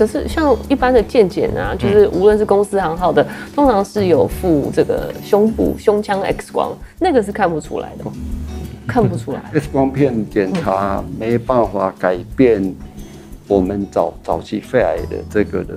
可是像一般的健檢啊，就是無論是公司行號的，通常是有附這個胸部胸腔 X 光，那個是看不出來的，看不出來的。 X 光片檢查沒辦法改變。我們早早期肺癌的這個的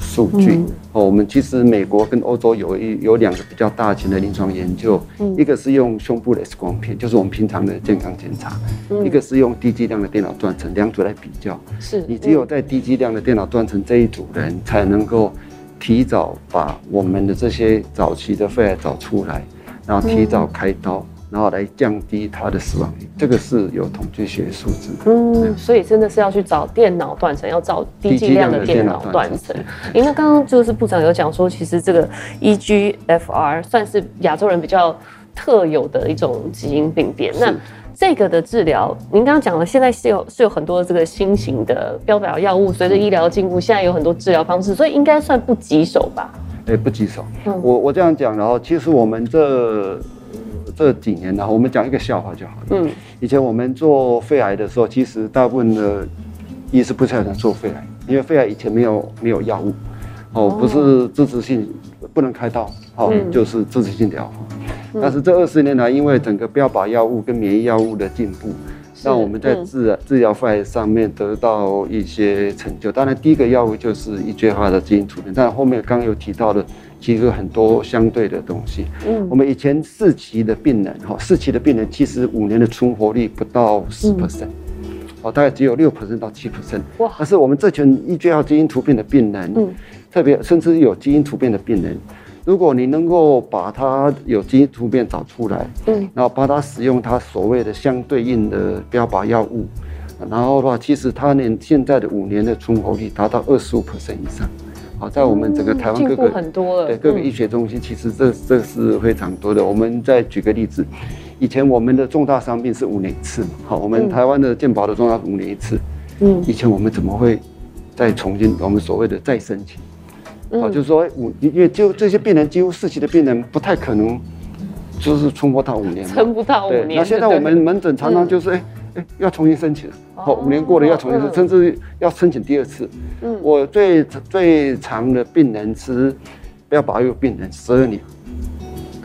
數據，哦、嗯，我們其實美國跟歐洲有一有兩個比較大型的臨床研究，嗯、一個是用胸部的 X 光片，就是我們平常的健康檢查，嗯、一個是用低劑量的電腦斷層，兩組來比較。是、嗯、你只有在低劑量的電腦斷層這一組的人才能夠提早把我們的這些早期的肺癌找出來，然後提早開刀。嗯然後來降低他的死亡率，這個是有統計學數字的。嗯，所以真的是要去找電腦斷層，要找低劑量的電腦斷層。嗯、斷層斷層，因為剛剛就是部長有講說，其實這個 EGFR 算是亞洲人比較特有的一種基因病變。是那這個的治療，您剛剛講了，現在是有是有很多這個新型的標靶藥物，隨着醫療進步，現在有很多治療方式，所以應該算不棘手吧？哎、欸，不棘手。嗯、我我這樣講，然後其實我們這。這幾年呢，我們講一個笑話就好了。嗯、以前我們做肺癌的時候，其實大部分的醫生不太想做肺癌，因為肺癌以前沒有沒有藥物，哦，不是支持性不能開刀，嗯、哦，就是支持性療法。嗯、但是這二十年來，因為整個標靶藥物跟免疫藥物的進步，是讓我們在治、嗯、治療肺癌上面得到一些成就。當然，第一個藥物就是一句化的基因突變，但後面剛，剛有提到的。其實很多相對的東西，嗯，我們以前四期的病人哈，四期的病人其實五年的存活率不到十 percent，哦，嗯、大概只有六 percent 到七 percent。可哇是我們這群 EGFR 基因突變的病人，嗯，特別甚至有基因突變的病人，如果你能夠把它有基因突變找出來，嗯，然後幫他使用他所謂的相對應的標靶藥物，然後的話，其實他連現在的五年的存活率達到二十五 percent 以上。好，在我們整個台灣各個很多了，對，各個醫學中心，嗯、其實這這是非常多的。我們再舉個例子，以前我們的重大傷病是五年一次嘛？好，嗯、我們台灣的健保的重大五年一次。嗯，以前我們怎麼會再重新我們所謂的再申請？嗯、好，就是說五，因為就這些病人幾乎四期的病人不太可能就是存活到五年，撐不到五年對。那對現在我們門診常常就是、嗯要重新申請好。哦、五年過了要重新申請，哦、甚至要申請第二次。嗯，我最最長的病人吃，標靶藥病人十二年。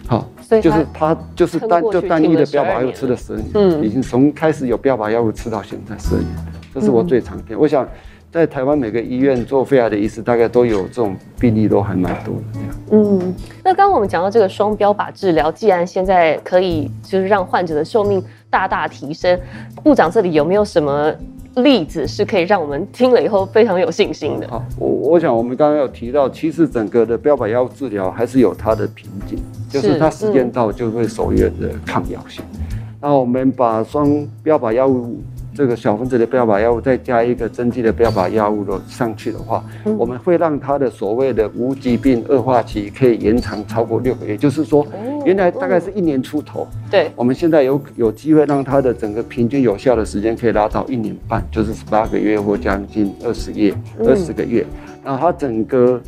好，就是他就是單就單一的標靶藥吃了十二年，嗯，已經從開始有標靶藥物吃到現在十二年，這是我最長的。嗯、我想在台灣每個醫院做肺癌的醫師大概都有這種病例，都還蠻多的。嗯，那剛剛我們講到這個雙標靶治療，既然現在可以就是讓患者的壽命大大提升，部長這裡有沒有什麼例子是可以讓我們聽了以後非常有信心的？嗯、好，我我想我們剛剛有提到，其實整個的標靶藥物治療還是有它的瓶頸，就是它時間到就會首越的抗藥性。嗯、那我們把雙標靶藥物這個小分子的標靶藥物再加一個針劑的標靶藥物的上去的話，我們會讓它的所謂的無疾病惡化期可以延長超過六個月，就是說原來大概是一年出頭，對，我們現在有有機會讓它的整個平均有效的時間可以拉到一年半，就是十八個月或將近二十月，二十個月，那它整個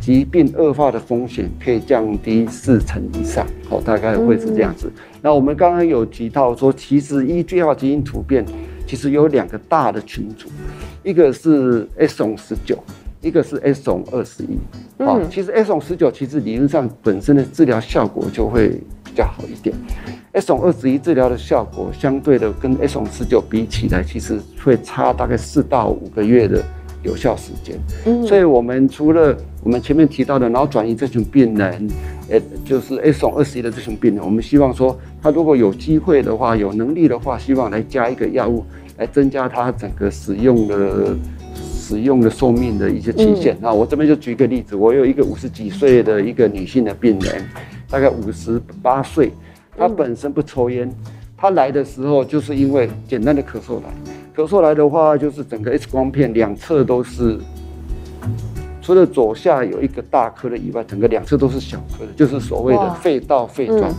疾病惡化的風險可以降低四成以上，好，大概會是這樣子。那我們剛剛有提到說，其實 EGFR 基因突變。其實有兩個大的群組，一個是 exon 十九，19, 一個是 exon 二十一。啊、嗯，其實 exon 十九其實理論上本身的治療效果就會比較好一點，exon 二十一治療的效果相對的跟 exon 十九比起來，其實會差大概四到五個月的。嗯有效時間，嗯，所以我們除了我們前面提到的腦轉移這群病人，呃，就是 S 型二十一的這群病人，我們希望說，他如果有機會的話，有能力的話，希望來加一個藥物，來增加他整個使用的使用的壽命的一些期限。那我這邊就舉一個例子，我有一個五十幾歲的一個女性的病人，大概五十八歲，她本身不抽菸，她來的時候就是因為簡單的咳嗽來。隔出來的話，就是整個 X 光片兩側都是，除了左下有一個大顆的以外，整個兩側都是小顆的，就是所謂的肺到肺轉移。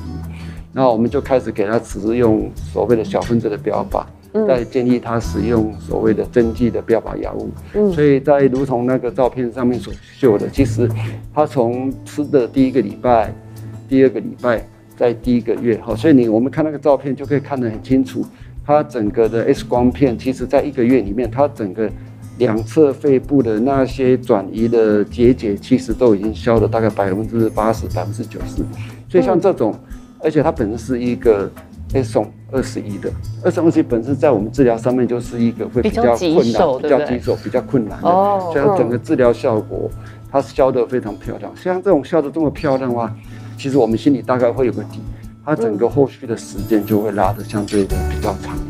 那、嗯、我們就開始給他使用所謂的小分子的標靶，嗯、再建議他使用所謂的針劑的標靶藥物。嗯、所以在如同那個照片上面所秀的，其實他從吃的第一個禮拜、第二個禮拜，在第一個月後，所以你我們看那個照片就可以看得很清楚。它整個的 X 光片，其實在一個月裡面，它整個兩側肺部的那些轉移的結節，其實都已經消了大概百分之八十、百分之九十。所以像這種，而且它本身是一個 Exon 二十一的二十一，本身在我們治療上面就是一個會比較困難，比較棘手，比較困難的。所以它整個治療效果，它消得非常漂亮。像這種消得這麼漂亮的話，其實我們心裡大概會有個底。它整個後續的時間就會拉得相對的比較長。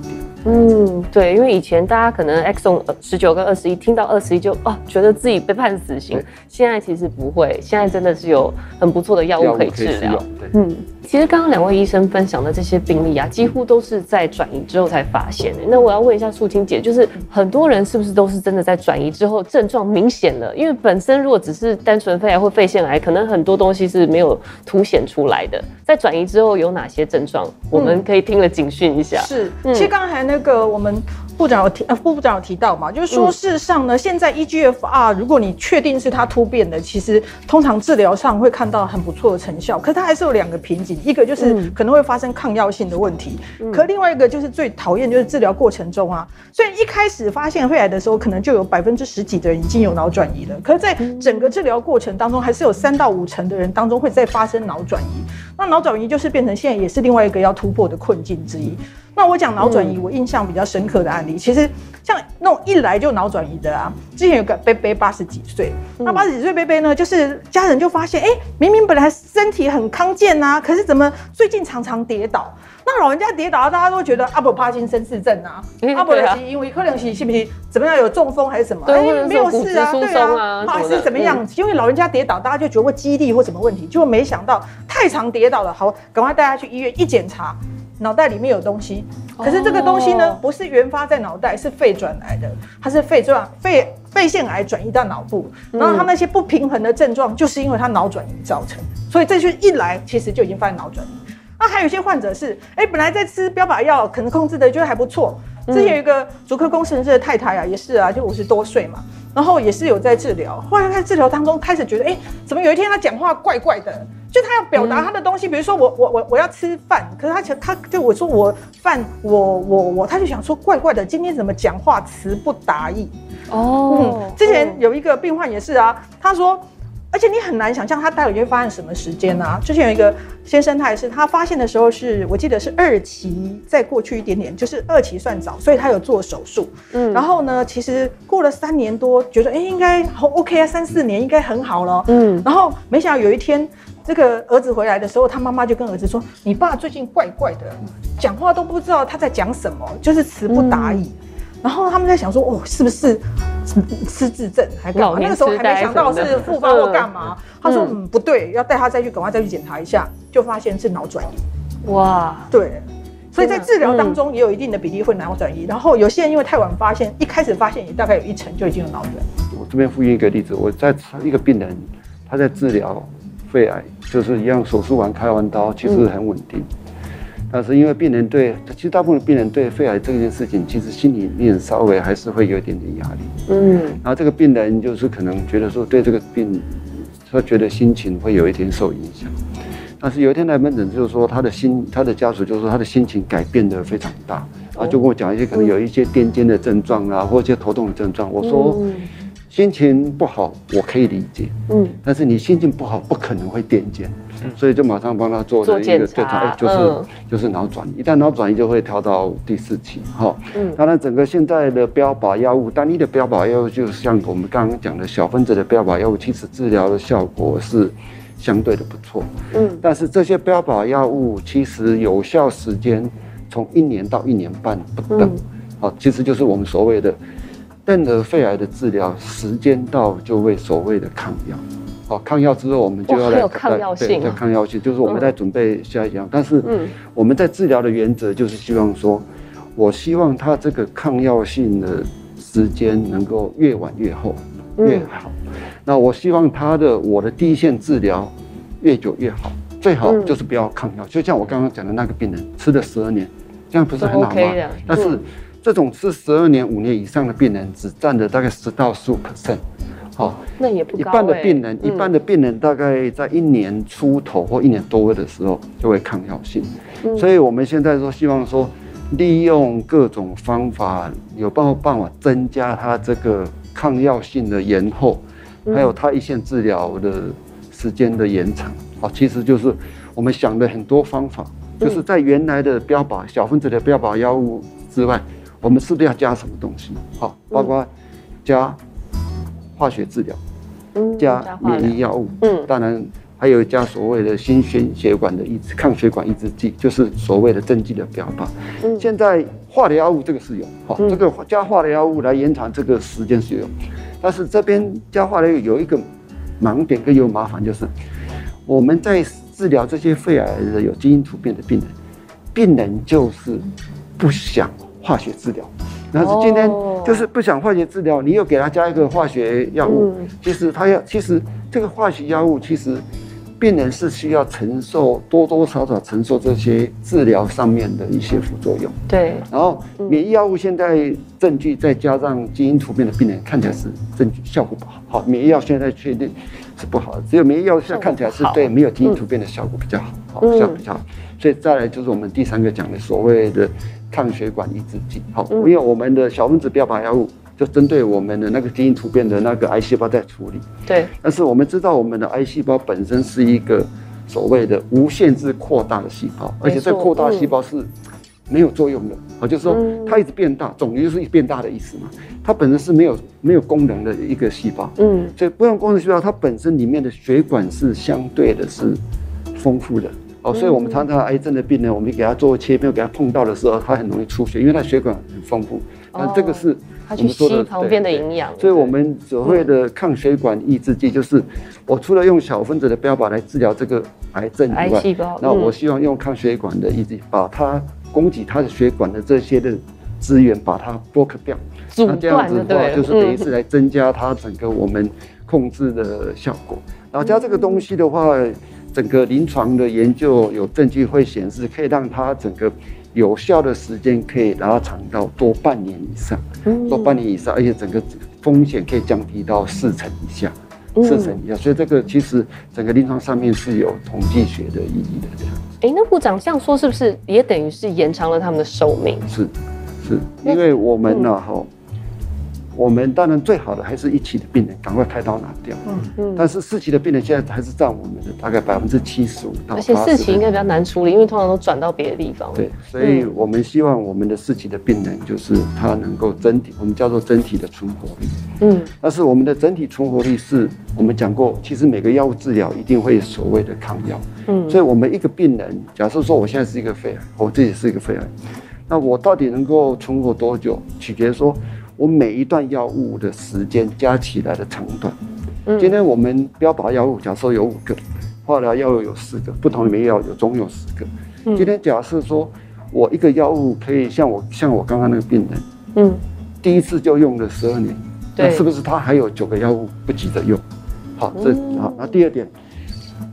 嗯，對，因為以前大家可能、A、X o 十九跟二十一，聽到二十一就啊，覺得自己被判死刑。現在其實不會，現在真的是有很不錯的藥物可以治療。嗯，其實剛剛兩位醫生分享的這些病例啊，幾乎都是在轉移之後才發現、欸。那我要問一下素卿姐，就是很多人是不是都是真的在轉移之後症狀明顯了？因為本身如果只是單純肺癌或肺腺癌，可能很多東西是沒有凸顯出來的。在轉移之後有哪些症狀，嗯、我們可以聽了警訊一下。是，嗯、其實剛才那個。這個我們。部長有提，副部長有提到嘛，就是說，事實上呢，現在 EGFR 如果你確定是它突變的，其實通常治療上會看到很不錯的成效。可是它還是有兩個瓶頸，一個就是可能會發生抗藥性的問題，可另外一個就是最討厭就是治療過程中啊，所以一開始發現肺癌的時候，可能就有百分之十幾的人已經有腦轉移了。可是在整個治療過程當中，還是有三到五成的人當中會再發生腦轉移。那腦轉移就是變成現在也是另外一個要突破的困境之一。那我講腦轉移，我印象比較深刻的案例。其實像那種一來就腦轉移的啊，之前有個伯伯八十幾歲，那八十幾歲伯伯呢，就是家人就發現，哎、欸，明明本來身體很康健啊，可是怎麼最近常常跌倒？那老人家跌倒，大家都覺得阿伯帕金森氏症啊，阿伯的西因為可能是是不是？怎麼樣有中風還是什麼？欸、對，沒有事啊，對啊，還、啊、是怎麼樣？嗯、因為老人家跌倒，大家就覺得肌力或什麼問題，就沒想到太常跌倒了，好，趕快帶他去醫院一檢查，腦袋裡面有東西。可是這個東西呢，oh. 不是原發在腦袋，是肺轉來的，它是肺轉肺肺腺癌轉移到腦部，嗯、然後它那些不平衡的症狀，就是因為它腦轉移造成。所以這去一來，其實就已經發現腦轉移。那還有一些患者是，哎、欸，本來在吃標靶藥，可能控制得就還不錯。之前有一個足科工程師的太太啊，也是啊，就五十多歲嘛，然後也是有在治療，後來在治療當中開始覺得，哎、欸，怎麼有一天他講話怪怪的？就他要表達他的東西，嗯、比如說我我我我要吃飯，可是他他就我說我飯我我我，他就想說怪怪的，今天怎麼講話詞不達意哦、嗯。之前有一個病患也是啊，他說，而且你很難想象他待會會發生什麼時間啊。之前有一個先生，他也是，他發現的時候是我記得是二期，再過去一點點，就是二期算早，所以他有做手術。嗯，然後呢，其實過了三年多，覺得哎應該好 OK 啊，三四年應該很好了。嗯，然後沒想到有一天。那個兒子回來的時候，他媽媽就跟兒子說：“你爸最近怪怪的，講話都不知道他在講什麼，就是詞不達意。嗯”然後他們在想說：“哦，是不是失智症？還幹嘛？”名那個時候還沒想到是復發或幹嘛。嗯、他說：“嗯，嗯不對，要帶他再去，趕快再去檢查一下。”就發現是腦轉移。哇，對，所以在治療當中也有一定的比例會腦轉移。然後有些人因為太晚發現，嗯、一開始發現也大概有一成就已經有腦轉移。我這邊複印一個例子，我在一個病人，他在治療。嗯肺癌就是一樣，手術完開完刀其實很穩定，嗯、但是因為病人對，其實大部分的病人對肺癌這件事情，其實心裡面稍微還是會有一點點壓力。嗯，然後這個病人就是可能覺得說對這個病，他覺得心情會有一點受影響。但是有一天來門診，就是說他的心，他的家屬就是說他的心情改變的非常大，哦、然後就跟我講一些可能有一些癲癇的症狀啊，嗯、或者一些頭痛的症狀。我說。嗯心情不好，我可以理解，嗯，但是你心情不好不可能會癲癇，嗯、所以就馬上幫他做了一個這種、欸，就是、嗯、就是腦轉移，一旦腦轉移就會跳到第四期，哈，嗯，當然整個現在的標靶藥物，單一的標靶藥物，就像我們剛剛講的小分子的標靶藥物，其實治療的效果是相對的不錯，嗯，但是這些標靶藥物其實有效時間從一年到一年半不等，好、嗯，其實就是我們所謂的。任何肺癌的治療時間到就會所謂的抗藥，好，抗藥之後我們就要來對，對抗藥性、嗯、就是我們在準備下一藥，但是嗯，我們在治療的原則就是希望說，嗯、我希望他這個抗藥性的時間能夠越晚越後越好，嗯、那我希望他的我的第一線治療越久越好，最好就是不要抗藥，嗯、就像我剛剛講的那個病人吃了十二年，這樣不是很好嗎？是 OK 的，但是。嗯這種是十二年、五年以上的病人，只占了大概十到十五%，好，那也不高，欸、一半的病人，嗯、一半的病人大概在一年出頭或一年多的時候就會抗藥性。嗯、所以，我們現在說希望說，利用各種方法，有辦法辦法增加他這個抗藥性的延後，還有他一線治療的時間的延長。嗯、好，其實就是我們想了很多方法，就是在原來的標靶小分子的標靶藥、藥物之外。我們是不是要加什麼東西？好、哦，包括加化學治療，嗯、加免疫藥物，嗯，當然還有加所謂的新生血管的抑制、抗血管抑制劑，就是所謂的針劑的標靶。嗯、現在化療藥物這個是有，哈、哦，這個加化療藥物來延長這個時間是有，但是這邊加化療有一個盲點，更有麻煩就是，我們在治療這些肺癌的有基因突變的病人，病人就是不想。化學治療，但是今天就是不想化學治療，oh. 你又給他加一個化學藥物，嗯、其實他要，其實這個化學藥物其實。病人是需要承受多多少少承受這些治療上面的一些副作用，對。然後免疫藥物現在證據，再加上基因突變的病人看起來是證據效果不好，好，免疫藥現在確定是不好的，只有免疫藥現在看起來是對沒有基因突變的效果比較好，好，效果比較好。所以再來就是我們第三個講的所謂的抗血管抑制劑，好，因為我們的小分子標靶藥物。就針對我們的那個基因突變的那個癌細胞在處理，對。但是我們知道，我們的癌細胞本身是一個所謂的無限制擴大的細胞，沒錯，而且這擴大細胞是沒有作用的、嗯、哦，就是說它一直變大，腫瘤、嗯、就是變大的意思嘛。它本身是沒有沒有功能的一個細胞，嗯。所以不用功能細胞，它本身裡面的血管是相對的是豐富的哦，所以我們常常癌症的病人，我們給他做切片，給他碰到的時候，它很容易出血，因為它血管很豐富。那、嗯、這個是。它去吸旁邊的營養，所以我們所謂的抗血管抑制劑就是，我除了用小分子的標靶來治療這個癌症以外，癌細胞，那我希望用抗血管的，抑制劑，把它供給它的血管的這些的資源把它 block 掉，那這樣子的話就是等於是來增加它整個我們控制的效果。然後加這個東西的話，嗯、整個臨床的研究有證據會顯示，可以讓它整個。有效的時間可以拉長到多半年以上，多半年以上，而且整個風險可以降低到四成以下，四成以下。所以這個其實整個臨床上面是有統計學的意義的。這樣子、欸，那副部長這樣說是不是也等於是延長了他們的壽命？是，是，因為我們呢、啊、吼、嗯。我們當然最好的還是一期的病人，趕快開刀拿掉。嗯嗯。但是四期的病人現在還是占我們的大概百分之七十五到八十。而且四期應該比較難處理，因為通常都轉到別的地方。對，嗯、所以我們希望我們的四期的病人，就是他能夠整體，我們叫做整體的存活率。嗯。但是我們的整體存活率是我們講過，其實每個藥物治療一定會有所謂的抗藥。嗯。所以我們一個病人，假設說我現在是一個肺癌，我自己也是一個肺癌，那我到底能夠存活多久，取決說。我每一段藥物的時間加起來的長短，今天我們標靶藥物假設有五個，化療藥物有四個，不同裡面藥物有總有十個。今天假設說我一個藥物可以像我像我剛剛那個病人，嗯，第一次就用了十二年，對那是不是他還有九個藥物不急着用？好，這好。那第二點，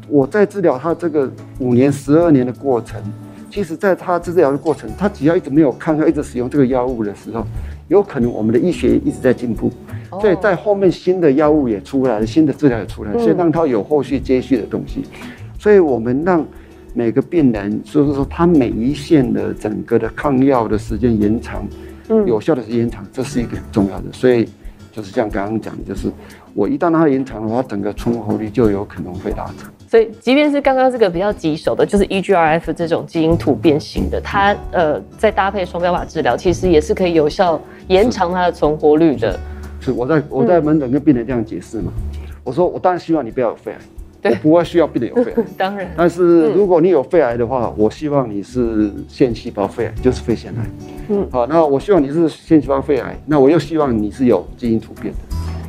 我在治療他這個五年十二年的過程，其實在他治療的過程，他只要一直沒有抗藥，一直使用這個藥物的時候。有可能我們的醫學一直在進步，Oh. 所以在後面新的藥物也出來了，新的治療也出來了，所以讓它有後續接續的東西。嗯、所以我們讓每個病人，就是說他每一線的整個的抗藥的時間延長，嗯、有效的時間延長，這是一個重要的。所以就是像剛剛講的，就是我一旦讓它延長的話，整個存活率就有可能會拉長。所以，即便是剛剛這個比較棘手的，就是 EGFR 這種基因突變型的，它呃，再搭配雙標靶治療，其實也是可以有效延長它的存活率的。是，是，是，我在我在門診跟病人這樣解釋嘛，嗯、我說我當然希望你不要有肺癌，對，我不會需要病人有肺癌， 當然。但是如果你有肺癌的話，我希望你是腺細胞肺癌，就是肺腺癌。嗯，好，那我希望你是腺細胞肺癌，那我又希望你是有基因突變的。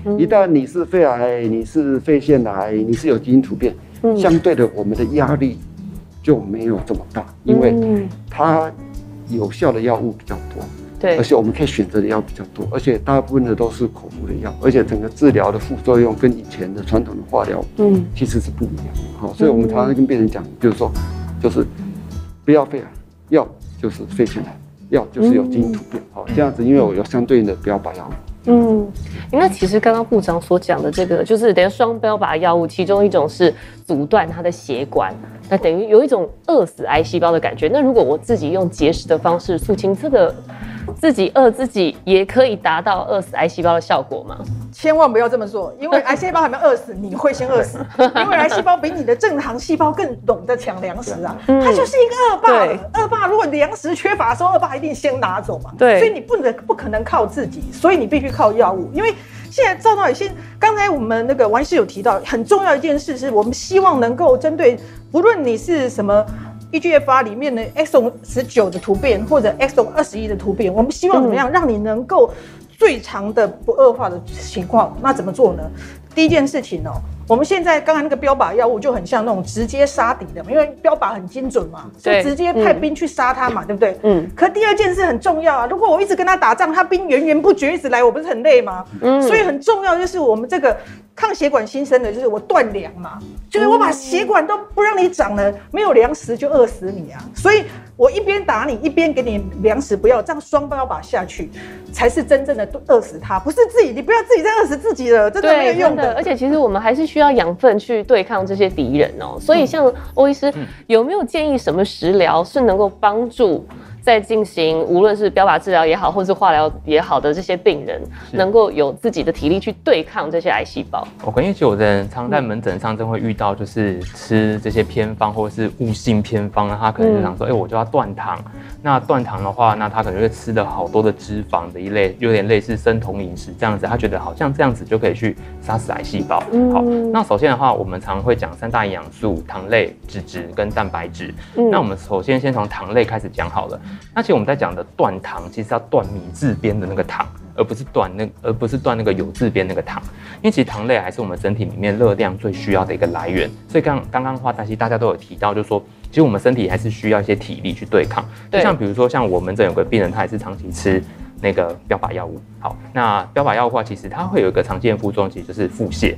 嗯、一旦你是肺癌，你是肺腺癌，你是有基因突變。嗯、相對的，我們的壓力就沒有這麼大，因為它有效的藥物比較多，對、嗯，而且我們可以選擇的藥比較多，而且大部分的都是口服的藥，而且整個治療的副作用跟以前的傳統的化療，嗯，其實是不一樣的。好、嗯哦，所以我們常常跟病人講，就是說，就是不要肺癌，要就是肺腺癌，要就是有基因突變。好、哦，這樣子，因為我有相對應的標靶藥。嗯，那其實剛剛部長所講的這個，就是等於雙標靶藥物，其中一種是阻斷它的血管，那等於有一種餓死癌細胞的感覺。那如果我自己用節食的方式肅清這個。自己餓自己也可以達到餓死癌細胞的效果嗎？千萬不要這麼做，因為癌細胞還沒餓死， 你會先餓死。因為癌細胞比你的正常細胞更懂得搶糧食啊，嗯、它就是一個惡霸，欸。惡對霸如果糧食缺乏的時候，惡霸一定先拿走嘛。對，所以你不能不可能靠自己，所以你必須靠藥物。因為現在趙導演先剛才我們那個王醫師有提到很重要一件事，是我們希望能夠針對不論你是什麼。EGFR 裡面的 Exon 十九的突變，或者 Exon 二十一的突變，我們希望怎麼樣？嗯、讓你能夠最長的不惡化的情況，那怎麼做呢？第一件事情哦。我們現在剛剛那個標靶藥物就很像那種直接殺敵的嘛，因為標靶很精準嘛，就直接派兵去殺他嘛，對，對不對？嗯。可第二件事很重要啊，如果我一直跟他打仗，他兵源源不絕一直來，我不是很累嗎？嗯。所以很重要就是我們這個抗血管新生的，就是我斷糧嘛，就是我把血管都不讓你長了，沒有糧食就餓死你啊！所以我一邊打你，一邊給你糧食，不要這樣雙標靶下去，才是真正的餓死他，不是自己，你不要自己再餓死自己了，真的沒有用的，的。而且其實我們還是。需要養分去對抗這些敵人哦、喔，所以像歐醫師、嗯、有沒有建議什麼食療是能夠幫助？在進行無論是標靶治療也好，或是化療也好的這些病人，是能夠有自己的體力去對抗這些癌細胞。我感覺就人在常在門診上就會遇到，就是吃這些偏方或者是物性偏方，嗯、他可能就想說，哎、欸，我就要斷糖。那斷糖的話，那他可能會吃了好多的脂肪的一類，有點類似生酮飲食這樣子。他覺得好像這樣子就可以去殺死癌細胞。嗯、好，那首先的話，我們常會講三大營養素：糖類、脂質跟蛋白質。那我們首先先從糖類開始講好了。那其實我們在講的斷糖，其實是要斷米字邊的那個糖，而不是斷那個，而不是斷那個酉字邊那個糖。因為其實糖類還是我們身體裡面熱量最需要的一個來源。所以剛剛剛的話，大家都有提到就是，就說其實我們身體還是需要一些體力去對抗。對，就像比如說像我們這種有個病人，他也是長期吃那個標靶藥物。好，那標靶藥物的話，其實它會有一個常見的副作用，其實就是腹瀉、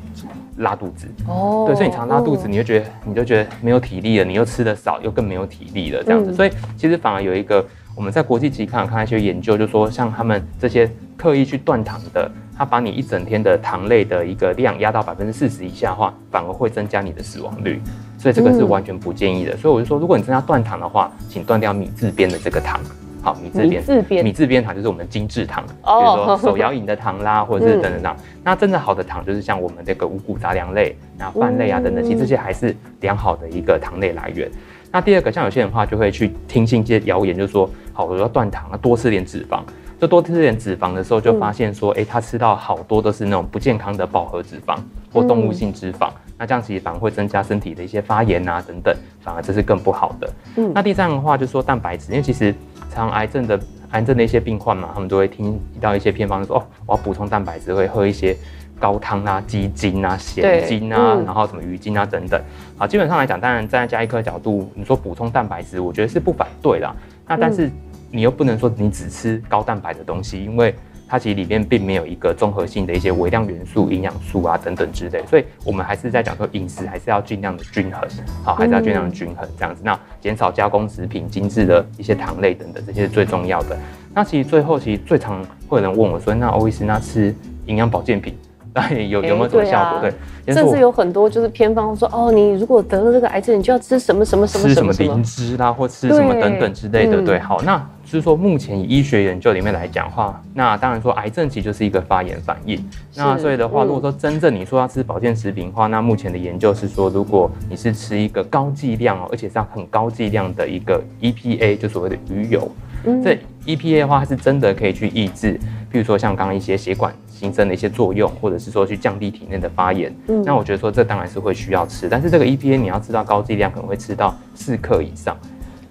拉肚子。哦，對，所以你常拉肚子，你就覺得、嗯、你就覺得沒有體力了，你又吃得少，又更沒有體力了這樣子。嗯、所以其實反而有一個。我們在國際期刊看一些研究，就是說像他們這些刻意去斷糖的，他把你一整天的糖類的一個量壓到百分之四十以下的話，反而會增加你的死亡率。所以這個是完全不建議的。嗯、所以我就說，如果你真的要斷糖的話，請斷掉米字邊的這個糖。好，米字邊，米字邊糖就是我們精制糖，哦、比如說手搖飲的糖啦，嗯、或者是等等那，那真的好的糖就是像我們這個五穀雜糧類、然後飯類啊等等，嗯、其實這些還是良好的一個糖類來源。那第二個，像有些人的話就會去聽信一些謠言，就是說，好，我要斷糖啊，多吃點脂肪，就多吃點脂肪的時候，就發現說，哎、嗯欸，他吃到好多都是那種不健康的飽和脂肪或動物性脂肪，嗯、那這樣其實反而會增加身體的一些發炎啊等等，反而這是更不好的。嗯、那第三個的話，就是說蛋白質，因為其實常癌症的癌症的一些病患嘛，他們都會聽到一些偏方，就說，哦，我要補充蛋白質，會喝一些。高湯啊，雞精啊，鹹精啊，嗯、然後什麼魚精啊，等等啊。好，基本上來講，當然站在家醫科的角度，你說補充蛋白質，我覺得是不反對啦。那但是你又不能說你只吃高蛋白的東西，嗯、因為它其實裡面並沒有一個綜合性的一些微量元素、營養素啊等等之類的。所以我們還是在講說，飲食還是要儘量的均衡，好，還是要儘量均衡、嗯、這樣子。那減少加工食品、精緻的一些糖類等等，這些是最重要的。那其實最後，其實最常會有人問我說，那歐醫師，那吃營養保健品？那 有有沒有什麼效果？欸對，啊、對，甚至有很多就是偏方說哦，你如果得了這個癌症，你就要吃什麼什麼什麼，什麼，什麼，什麼吃什麼靈芝啦，或吃什麼等等之類的。對，嗯、對，好，那就是說目前以醫學研究裡面來講的話，那當然說癌症其實就是一個發炎反應。是那所以的話，如果說真正你說要吃保健食品的話，那目前的研究是說，如果你是吃一個高劑量哦，而且是很高劑量的一個 EPA，就所謂的魚油。這、嗯、EPA 的話，它是真的可以去抑制，譬如說像剛剛一些血管新生的一些作用，或者是說去降低體內的發炎。嗯，那我覺得說這當然是會需要吃，但是這個 EPA 你要知道，高劑量可能會吃到四克以上。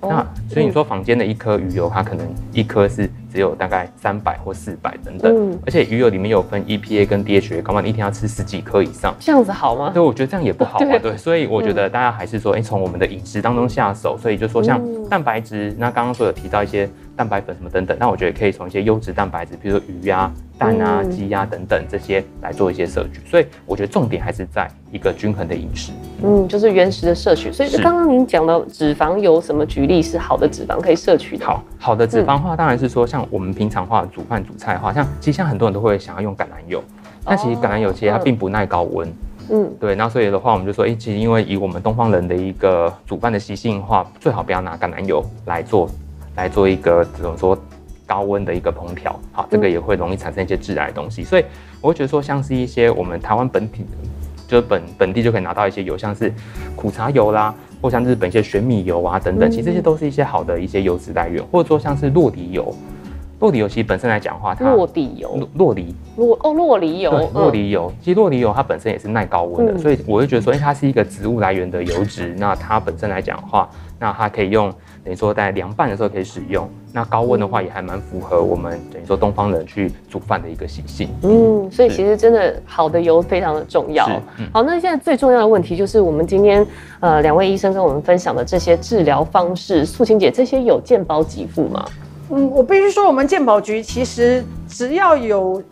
哦、那所以你說房間的一顆魚油，嗯、它可能一顆是只有大概三百或四百等等，嗯、而且魚油裡面有分 EPA 跟 DHA，搞不好你一天要吃十幾顆以上。這樣子好嗎？對，我覺得這樣也不好啊。哦、對，對。所以我覺得大家還是說，誒、嗯，從、欸、我們的飲食當中下手。所以就說像。蛋白質，那剛剛說有提到一些蛋白粉什麼等等，那我覺得可以從一些優質蛋白質，比如說魚啊、蛋啊、雞啊等等這些來做一些攝取。所以我覺得重點還是在一個均衡的飲食。嗯，就是原始的攝取。所以剛剛您講到脂肪有什麼舉例是好的脂肪可以攝取的？好，好的脂肪的話，當然是說像我們平常話煮飯煮菜的話，像其實像很多人都會想要用橄欖油，哦、但其實橄欖油其實它並不耐高溫。嗯，對，那所以的話，我們就說，哎、欸，其實因為以我們東方人的一個煮飯的習性的話，最好不要拿橄欖油來做，來做一個這種說高溫的一個烹調，好，這個也會容易產生一些致癌的東西。所以我會覺得說，像是一些我們台灣本地，就是、本本地就可以拿到一些油，像是苦茶油啦，或像日本一些玄米油啊等等，其實這些都是一些好的一些油脂來源，或者說像是落底油。酪梨油其實本身來講的話，它酪梨油，酪梨酪梨，酪梨哦酪梨油，酪梨對油。嗯、其實酪梨油它本身也是耐高溫的，嗯、所以我會覺得說，因為它是一個植物來源的油脂，是那它本身來講的話，那它可以用等於說在涼拌的時候可以使用，那高溫的話也還蠻符合我們等於說東方人去煮飯的一個習性。嗯，是所以其實真的好的油非常的重要。嗯、好，那現在最重要的問題就是我們今天呃兩位醫生跟我們分享的這些治療方式，素卿姐這些有健保給付嗎？嗯，我必須說，我們健保局其實只要有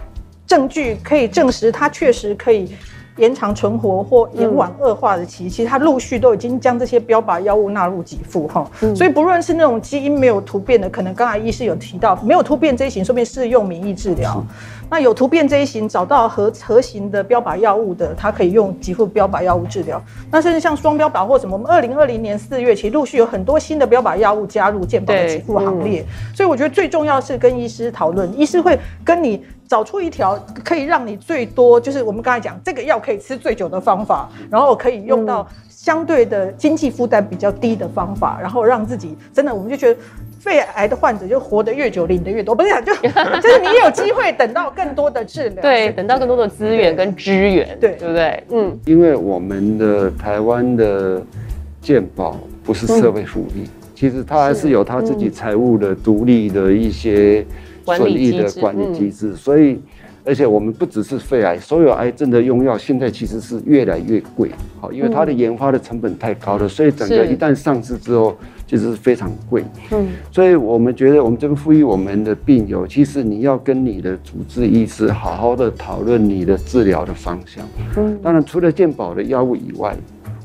證據可以證實，它確實可以。延長存活或延緩惡化的期，嗯、其實它陸續都已經將這些標靶藥物納入給付哈。嗯、所以不論是那種基因沒有突變的，可能剛才醫師有提到沒有突變這一型，說明是用免疫治療；是那有突變這一型，找到合合型的標靶藥物的，它可以用給付標靶藥物治療。那甚至像雙標靶或什麼，我們二零二零年四月其實陸續有很多新的標靶藥物加入健保的給付行列。嗯、所以我覺得最重要是跟醫師討論，醫師會跟你。找出一條可以讓你最多，就是我們剛才講這個藥可以吃最久的方法，然後可以用到相對的經濟負擔比較低的方法，然後讓自己真的，我們就覺得肺癌的患者就活得越久，領的越多。不是，就就是你有機會等到更多的治療， 對，等到更多的資源跟支援，對，對，對不對？嗯，因為我們的台灣的健保不是社會福利，嗯、其實它還是有它自己財務的獨、嗯、立的一些損益的管理機制，嗯、所以而且我們不只是肺癌，所有癌症的用藥現在其實是越來越貴，好，因為它的研發的成本太高了，嗯、所以整個一旦上市之後是其實是非常貴。嗯，所以我們覺得我們這個呼籲我們的病友，其實你要跟你的主治醫師好好的討論你的治療的方向。嗯，當然除了健保的藥物以外，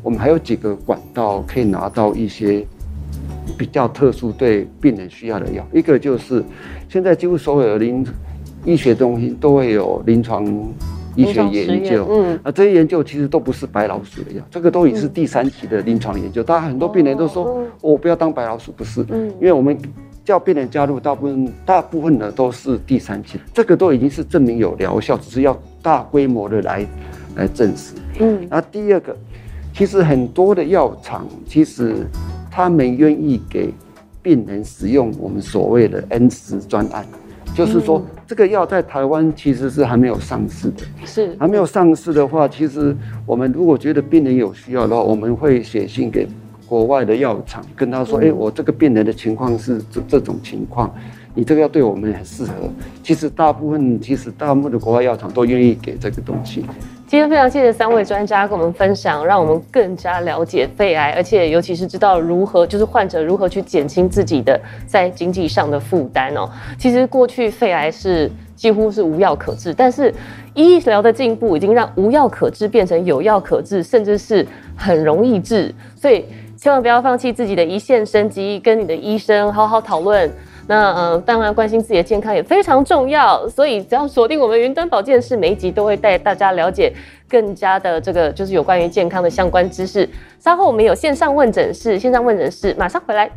我們還有幾個管道可以拿到一些。比較特殊對病人需要的藥，一個就是現在幾乎所有的臨醫學中心都會有臨床醫學研究，嗯，啊，這些研究其實都不是白老鼠的藥，這個都已是第三期的臨床研究。大家、嗯、很多病人都說，我、哦哦、不要當白老鼠，不是，嗯、因為我們叫病人加入大，大部分大部分呢都是第三期，這個都已經是證明有療效，只是要大規模的來來證實，嗯。那第二個，其實很多的藥廠其實。他們願意給病人使用我們所謂的恩慈專案，就是說這個藥在台灣其實是還沒有上市的。是還沒有上市的話，其實我們如果覺得病人有需要的話，我們會寫信給國外的藥廠，跟他說：“誒，我這個病人的情況是這這種情況，你這個藥對我們很適合。”其實大部分，其實大部分的國外藥廠都願意給這個東西。今天非常謝謝三位專家跟我們分享，讓我們更加了解肺癌，而且尤其是知道如何，就是患者如何去減輕自己的在經濟上的負擔哦。其實過去肺癌是幾乎是無藥可治，但是醫療的進步已經讓無藥可治變成有藥可治，甚至是很容易治。所以千萬不要放棄自己的一線生機，跟你的醫生好好討論。那嗯，呃，當然關心自己的健康也非常重要，所以只要鎖定我們雲端保健室，每一集都會帶大家了解更加的這個就是有關於健康的相關知識。稍後我們有線上問診室，線上問診室馬上回來。